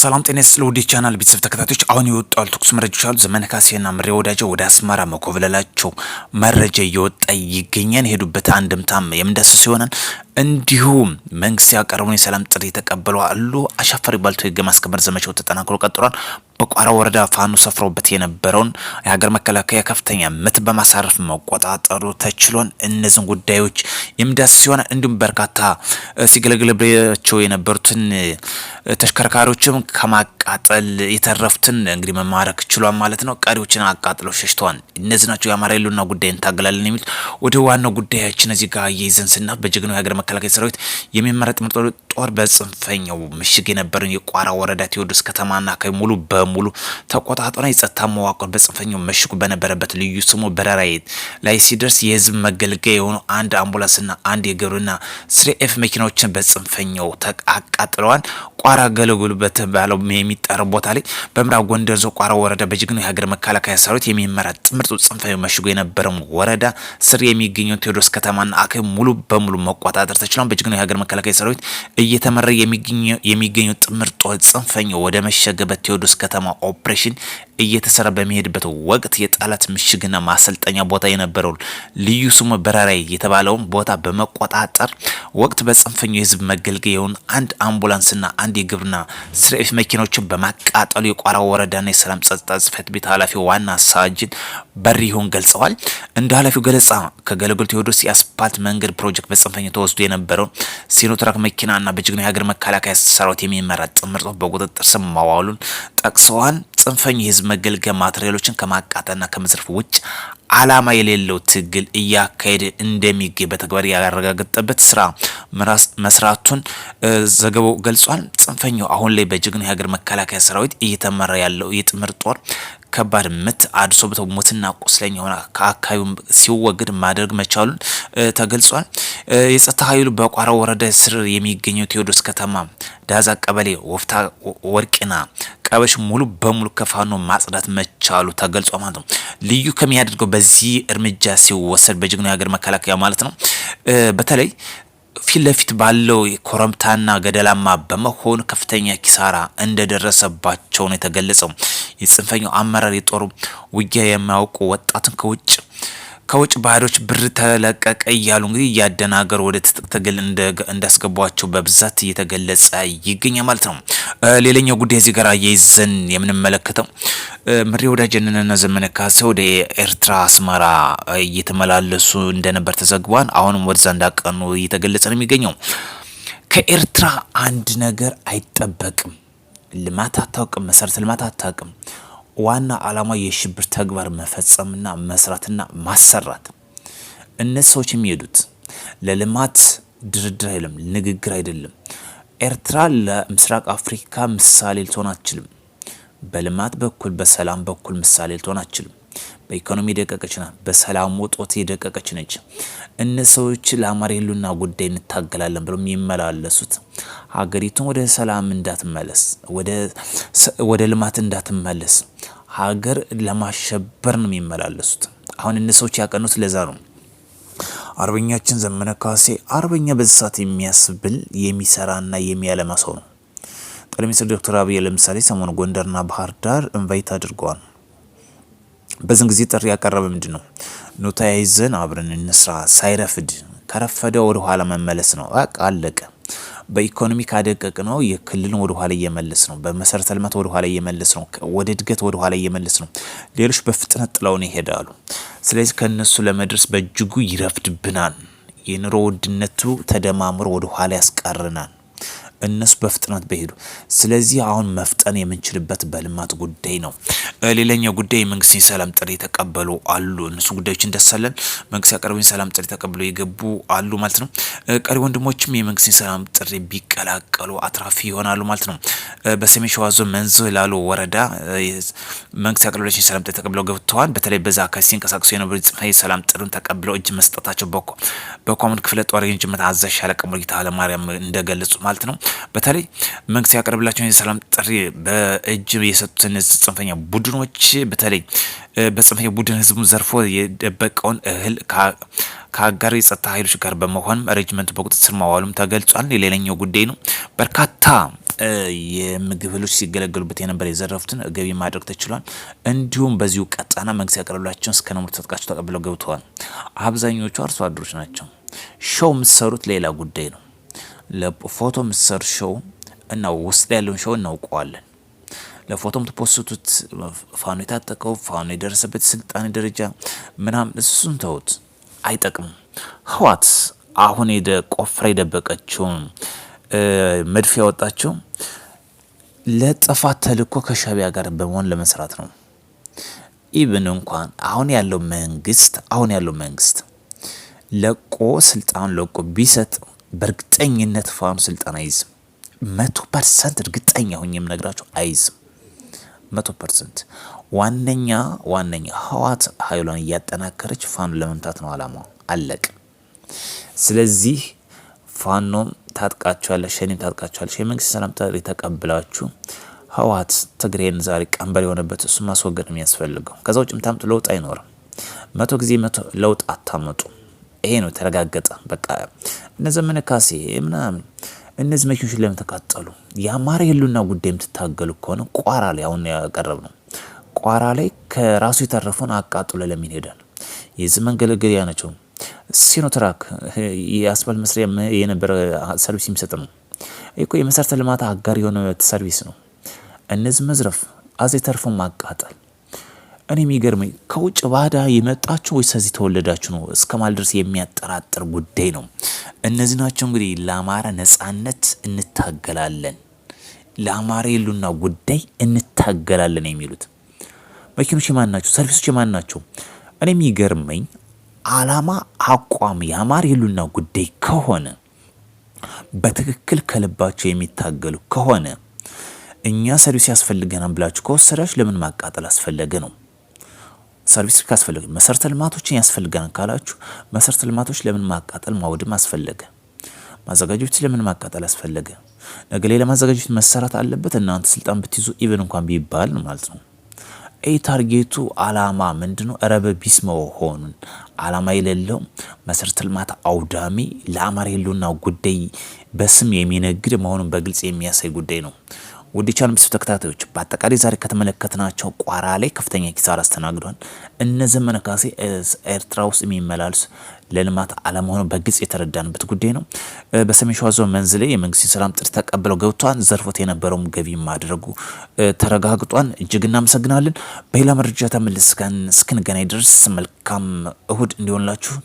ሰላም ጤና ስለ ወዲህ ቻናል ቤተሰብ ተከታታዮች አሁን የወጡ ያሉ ትኩስ መረጃዎች ዘመነ ካሴና ምሬ ወዳጀ ወደ አስመራ መኮብለላቸው መረጃ እየወጣ ይገኛል። የሄዱበት አንድምታም የምንዳስስ ይሆናል። እንዲሁም መንግስት ያቀረቡን የሰላም ጥሪ የተቀበሉ አሉ። አሻፈሪ ባልቶ ህግ ማስከበር ዘመቻው ተጠናክሮ ቀጥሏል። በቋራ ወረዳ ፋኖ ሰፍሮበት የነበረውን የሀገር መከላከያ ከፍተኛ ምት በማሳረፍ መቆጣጠሩ ተችሏል። እነዚህን ጉዳዮች የምንዳስስ ይሆናል። እንዲሁም በርካታ ሲገለግለባቸው የነበሩትን ተሽከርካሪዎችም ከማቃጠል የተረፉትን እንግዲህ መማረክ ችሏል ማለት ነው። ቀሪዎችን አቃጥለው ሸሽተዋል። እነዚህ ናቸው የአማራ ህልውና ጉዳይ እንታገላለን የሚሉት። ወደ ዋናው ጉዳያችን እዚህ ጋር እየይዘን ስና በጀግናው የሀገር መከላከያ ሰራዊት የሚመረጥ ምርጦ ጦር በጽንፈኛው ምሽግ የነበረን የቋራ ወረዳ ቴዎድሮስ ከተማና ሙሉ በሙሉ ተቆጣጥሮ የጸጥታ መዋቅር በጽንፈኛው መሽጉ በነበረበት ልዩ ስሙ በረራ ላይ ሲደርስ የህዝብ መገልገያ የሆኑ አንድ አምቡላንስና አንድ የግብርና ስሬኤፍ መኪናዎችን በጽንፈኛው አቃጥለዋል። ቋራ ገለጉልበት ባለው የሚጠራው ቦታ ላይ በምዕራብ ጎንደር ዞን ቋራ ወረዳ በጀግናው የሀገር መከላከያ ሰራዊት የሚመራ ጥምር ጽንፈ መሽጎ የነበረው ወረዳ ስር የሚገኘው ቴዎድሮስ ከተማና አክ ሙሉ በሙሉ መቆጣጠር ተችሏል። በጀግናው የሀገር መከላከያ ሰራዊት እየተመራ የሚገኘው ጥምርጦ ጦር ወደ መሸገበት ቴዎድሮስ ከተማ ኦፕሬሽን እየተሰራ በሚሄድበት ወቅት የጠላት ምሽግና ማሰልጠኛ ቦታ የነበረው ልዩ ስሙ በራራይ የተባለውን ቦታ በመቆጣጠር ወቅት በጽንፈኛው የህዝብ መገልገያውን አንድ አምቡላንስና አንድ የግብርና ስርዓት መኪኖችን በማቃጠሉ የቋራ ወረዳና የሰላም ጸጥታ ጽፈት ቤት ኃላፊ ዋና ሳጅን በሪሁን ገልጸዋል። እንደ ኃላፊው ገለጻ ከገለጉል ቴዎድሮስ የአስፓልት መንገድ ፕሮጀክት በጽንፈኛ ተወስዶ የነበረውን ሲኖትራክ መኪናና በጀግና የሀገር መከላከያ ሰራዊት የሚመራ ጥምር ጦር በቁጥጥር ስር ማዋሉን ጠቅሰዋል። ጽንፈኛ የህዝብ መገልገያ ማቴሪያሎችን ከማቃጠልና ከመዝረፍ ውጭ አላማ የሌለው ትግል እያካሄደ እንደሚገኝ በተግባር ያረጋገጠበት ስራ መስራቱን ዘገባው ገልጿል። ጽንፈኛው አሁን ላይ በጀግኖ የሀገር መከላከያ ሰራዊት እየተመራ ያለው የጥምር ጦር ከባድ ምት በተው ሞትና ቁስለኛ ሆነ ከአካባቢው ሲወገድ ማድረግ መቻሉን ተገልጿል። የጸጥታ ኃይሉ በቋራ ወረዳ ስር የሚገኘው ቴዎድሮስ ከተማ ዳዛ ቀበሌ ወፍታ ወርቂና ቀበሽ ሙሉ በሙሉ ከፋኖ ማጽዳት መቻሉ ተገልጿ ማለት ነው። ልዩ ከሚያደርገው በዚህ እርምጃ ሲወሰድ በጀግኖ የሀገር መከላከያ ማለት ነው በተለይ ፊት ለፊት ባለው ኮረብታና ገደላማ በመሆኑ ከፍተኛ ኪሳራ እንደደረሰባቸው ነው የተገለጸው። የጽንፈኛው አመራር የጦሩ ውጊያ የማያውቁ ወጣትን ከውጭ ከውጭ ባህሪዎች ብር ተለቀቀ እያሉ እንግዲህ እያደናገሩ ወደ ትጥቅ ትግል እንዳስገቧቸው በብዛት እየተገለጸ ይገኛል ማለት ነው። ሌላኛው ጉዳይ እዚህ ጋር እያይዘን የምንመለከተው ምሬ ወዳጀንና ዘመነ ካሴ ወደ ኤርትራ አስመራ እየተመላለሱ እንደነበር ተዘግቧል። አሁንም ወደዛ እንዳቀኑ እየተገለጸ ነው የሚገኘው። ከኤርትራ አንድ ነገር አይጠበቅም። ልማት አታውቅም፣ መሰረተ ልማት አታውቅም። ዋና ዓላማው የሽብር ተግባር መፈጸምና መስራትና ማሰራት። እነዚህ ሰዎች የሚሄዱት ለልማት ድርድር አይደለም፣ ንግግር አይደለም። ኤርትራ ለምስራቅ አፍሪካ ምሳሌ ልትሆን አትችልም። በልማት በኩል በሰላም በኩል ምሳሌ ልትሆን አትችልም። በኢኮኖሚ የደቀቀች ናት። በሰላም ወጦት የደቀቀች ነች። እነ ሰዎች ለአማራ የሉና ጉዳይ እንታገላለን ብሎ የሚመላለሱት ሀገሪቱን ወደ ሰላም እንዳትመለስ ወደ ልማት እንዳትመለስ ሀገር ለማሸበር ነው የሚመላለሱት። አሁን እነ ሰዎች ያቀኑት ለዛ ነው። አርበኛችን ዘመነ ካሴ አርበኛ በዚህ ሰዓት የሚያስብል የሚሰራና የሚያለማ ሰው ነው። ጠቅላይ ሚኒስትር ዶክተር አብይ ለምሳሌ ሰሞኑ ጎንደርና ባህር ዳር እንቫይት አድርገዋል። በዚህን ጊዜ ጥሪ ያቀረበ ምንድን ነው? ኑ ተያይዘን አብረን እንስራ፣ ሳይረፍድ ከረፈደ ወደ ኋላ መመለስ ነው። አቅ አለቀ። በኢኮኖሚ ካደቀቅ ነው የክልልን ወደኋላ እየመለስ ነው። በመሰረተ ልማት ወደኋላ እየመለስ ነው። ወደ እድገት ወደኋላ እየመለስ ነው። ሌሎች በፍጥነት ጥለውን ይሄዳሉ። ስለዚህ ከእነሱ ለመድረስ በእጅጉ ይረፍድብናል። የኑሮ ውድነቱ ተደማምሮ ወደኋላ ያስቀርናል። እነሱ በፍጥነት በሄዱ። ስለዚህ አሁን መፍጠን የምንችልበት በልማት ጉዳይ ነው። ሌላኛው ጉዳይ መንግስትን ሰላም ጥሪ የተቀበሉ አሉ። እነሱ ጉዳዮች እንደሳለን መንግስት ያቀረበውን ሰላም ጥሪ ተቀብሎ የገቡ አሉ ማለት ነው። ቀሪ ወንድሞችም የመንግስትን ሰላም ጥሪ ቢቀላቀሉ አትራፊ ይሆናሉ ማለት ነው። በሰሜን ሸዋ ዞን መንዝ ላሉ ወረዳ መንግስት ያቀረበላቸውን ሰላምታ ተቀብለው ገብተዋል። በተለይ በዛ አካባቢ ሲንቀሳቀሱ የነበሩ ጽንፈኛ ሰላም ጥሪን ተቀብለው እጅ መስጠታቸው በኮ በኮሙን ክፍለ ጦር ግንጅ መት አዛዥ ሻለቃ ሙሉጌታ ኃይለማርያም እንደገለጹ ማለት ነው። በተለይ መንግስት ያቀረበላቸውን የሰላም ጥሪ በእጅ የሰጡትን ጽንፈኛ ቡድኖች በተለይ በጽንፈኛ ቡድን ህዝቡ ዘርፎ የደበቀውን እህል ከአጋር የጸጥታ ኃይሎች ጋር በመሆን ሬጅመንቱ በቁጥጥር ስር ማዋሉም ተገልጿል። የሌላኛው ጉዳይ ነው። በርካታ የምግብ እህሎች ሲገለገሉበት የነበረ የዘረፉትን ገቢ ማድረግ ተችሏል። እንዲሁም በዚሁ ቀጣና መንግስት ያቀረብላቸውን እስከ ነምር ተጥቃቸው ተቀብለው ገብተዋል። አብዛኞቹ አርሶ አደሮች ናቸው። ሾው የምትሰሩት ሌላ ጉዳይ ነው። ለፎቶ የምትሰሩ ሾው እና ውስጥ ያለውን ሾው እናውቀዋለን። ለፎቶም ትፖስቱት ፋኖ የታጠቀው ፋኖ የደረሰበት ስልጣኔ ደረጃ ምናምን እሱን ተውት፣ አይጠቅምም። ህዋት አሁን ቆፍራ የደበቀችውን መድፍ ያወጣቸው ለጥፋት ተልእኮ ከሻቢያ ጋር በመሆን ለመስራት ነው። ኢብን እንኳን አሁን ያለው መንግስት አሁን ያለው መንግስት ለቆ ስልጣን ለቆ ቢሰጥ በእርግጠኝነት ፋኑ ስልጣን አይዝም። መቶ ፐርሰንት እርግጠኛ ሁኝ የምነግራቸው አይዝም። መቶ ፐርሰንት ዋነኛ ዋነኛ ህዋት ሀይሏን እያጠናከረች ፋኑ ለመምታት ነው አላማ አለቅ ስለዚህ ፋኖም ታጥቃችኋለች፣ ሸኔም ታጥቃችኋለች። የመንግስት ሰላም ጥሪ ተቀብላችሁ ህወሓት ትግሬን ዛሬ ቀንበር የሆነበት እሱ ማስወገድ የሚያስፈልገው ከዛ ውጭ ምታምጡ ለውጥ አይኖርም። መቶ ጊዜ መቶ ለውጥ አታመጡ። ይሄ ነው የተረጋገጠ። በቃ እነ ዘመነ ካሴ ምናምን እነዚህ መኪኖች ተቃጠሉ? የአማራ የሉና ጉዳይ የምትታገሉ ከሆነ ቋራ ላይ አሁን ያቀረብ ነው ቋራ ላይ ከራሱ የተረፈውን አቃጥሎ ለሚን ሄዳል የዚህ መንገለገያ ያ ናቸው። ሲኖትራክ የአስፋልት መስሪያ የነበረ ሰርቪስ የሚሰጥ ነው እኮ። የመሰረተ ልማት አጋር የሆነ ሰርቪስ ነው። እነዚህ መዝረፍ አዜ ተርፎ ማቃጠል። እኔ የሚገርመኝ ከውጭ ባዳ የመጣችሁ ወይስ እዚህ ተወለዳችሁ ነው እስከ ማለት ድረስ የሚያጠራጥር ጉዳይ ነው። እነዚህ ናቸው እንግዲህ ለአማራ ነጻነት እንታገላለን፣ ለአማራ የሉና ጉዳይ እንታገላለን የሚሉት መኪኖች የማን ናቸው? ሰርቪሶች የማን ናቸው? እኔ የሚገርመኝ ዓላማ፣ አቋም፣ የአማር የሉና ጉዳይ ከሆነ በትክክል ከልባቸው የሚታገሉ ከሆነ እኛ ሰርቪስ ያስፈልገናል ብላችሁ ከወሰዳችሁ ለምን ማቃጠል አስፈለገ ነው። ሰርቪስ ካስፈለገ መሰረተ ልማቶችን ያስፈልገናል ካላችሁ መሰረተ ልማቶች ለምን ማቃጠል ማውደም አስፈለገ? ማዘጋጀት ለምን ማቃጠል አስፈለገ? ነገ ላይ ለማዘጋጀት መሰራት አለበት። እናንተ ስልጣን ብትይዙ ኢቨን እንኳን ቢባል ማለት ነው ይህ ታርጌቱ አላማ ምንድነው? ረበ ቢስመው ሆኑን አላማ የሌለው መሰረተ ልማት አውዳሚ ለአማራ ህልውና ጉዳይ በስም የሚነግድ መሆኑን በግልጽ የሚያሳይ ጉዳይ ነው። ውድ ቻናል ቤተሰብ ተከታታዮች በአጠቃላይ ዛሬ ከተመለከትናቸው ቋራ ላይ ከፍተኛ ኪሳራ አስተናግዷል። እነ ዘመነ ካሴ ኤርትራ ውስጥ የሚመላልሱ ለልማት አለመሆኑ በግልጽ የተረዳንበት ጉዳይ ነው። በሰሜን ሸዋ ዞን መንዝሌ የመንግስት ሰላም ጥሪ ተቀብለው ገብቷን ዘርፎት የነበረውም ገቢ ማድረጉ ተረጋግጧን። እጅግ እናመሰግናለን። በሌላ መረጃ ተመልሰን እስክንገናኝ ድረስ መልካም እሁድ እንዲሆንላችሁ